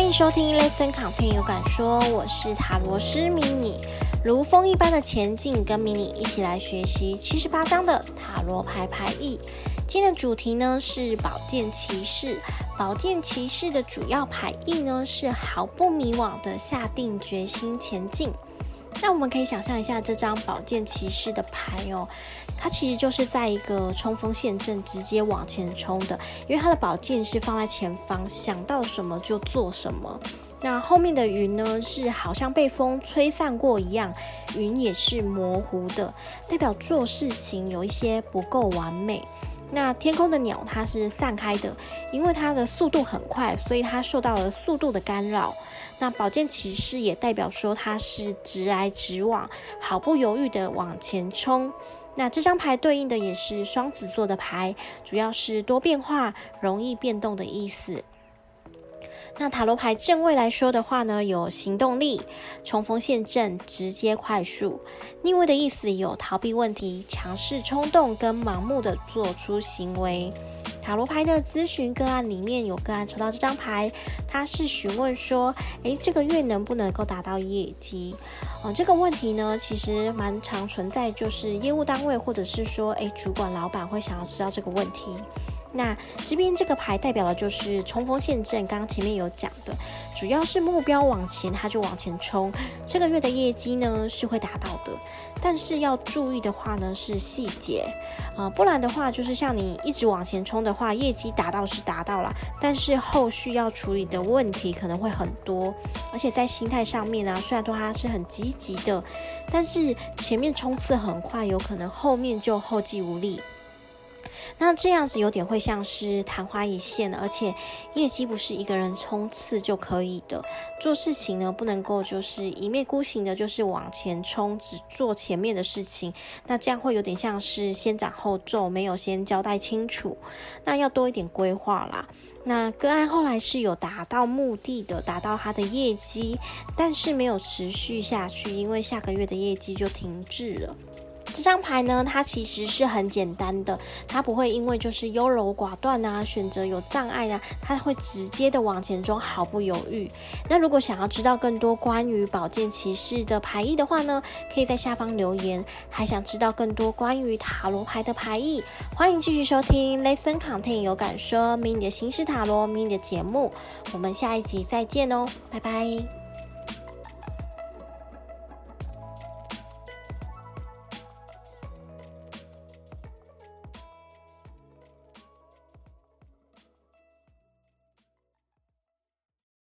歡迎收聽《ListenContent 有感說》，我是塔羅師迷你，如風一般的前進，跟迷你一起來學習七十八張的塔羅牌牌意。今天的主題呢是寶劍騎士，寶劍騎士的主要牌意呢是毫不迷惘的下定決心前進。那我們可以想象一下這張寶劍騎士的牌哦。它其實就是在一個衝鋒陷陣、直接往前衝的，因為它的寶劍是放在前方，想到什麼就做什麼。那後面的雲呢，是好像被風吹散過一樣，雲也是模糊的，代表做事情有一些不夠完美。那天空的鳥，它是散開的，因為它的速度很快，所以它受到了速度的干擾。那寶劍騎士也代表說它是直來直往，毫不猶豫地往前衝。那這張牌對應的也是雙子座的牌，主要是多變化、容易變動的意思。那塔羅牌正位來說的話呢，有行動力、衝鋒陷陣、直接快速。逆位的意思有逃避問題、強勢衝動跟盲目的做出行為。塔羅牌的諮詢個案裡面有個案抽到這張牌，他是詢問說，誒、欸，這個月能不能夠達到業績？嗯、哦，這個問題呢，其實蠻常存在，就是業務單位或者是說，誒、欸，主管老板會想要知道這個問題。那這邊這個牌代表的就是衝鋒陷陣，剛剛前面有講的，主要是目標往前，他就往前衝。這個月的業績呢，是會達到的，但是要注意的話呢，是細節，啊、呃，不然的話就是像你一直往前衝的話，業績達到是達到了，但是後續要處理的問題可能會很多，而且在心態上面呢、啊，雖然說它是很積極的，但是前面衝刺很快，有可能後面就後繼無力。那這樣子有點會像是曇花一現，而且業績不是一個人衝刺就可以的。做事情呢，不能夠就是一意孤行的，就是往前衝，只做前面的事情。那這樣會有點像是先斬後奏，沒有先交代清楚。那要多一點規劃啦。那個案後來是有達到目的的，達到他的業績，但是沒有持續下去，因為下個月的業績就停滯了。這張牌呢，它其實是很簡單的，它不會因為就是優柔寡斷吶、啊，選擇有障礙啊，它會直接的往前衝，毫不猶豫。那如果想要知道更多關於寶劍騎士的牌意的話呢，可以在下方留言。還想知道更多關於塔羅牌的牌意，歡迎繼續收聽 Listen Content 有感說，迷你的新式塔羅，迷你的節目，我們下一集再見哦，拜拜。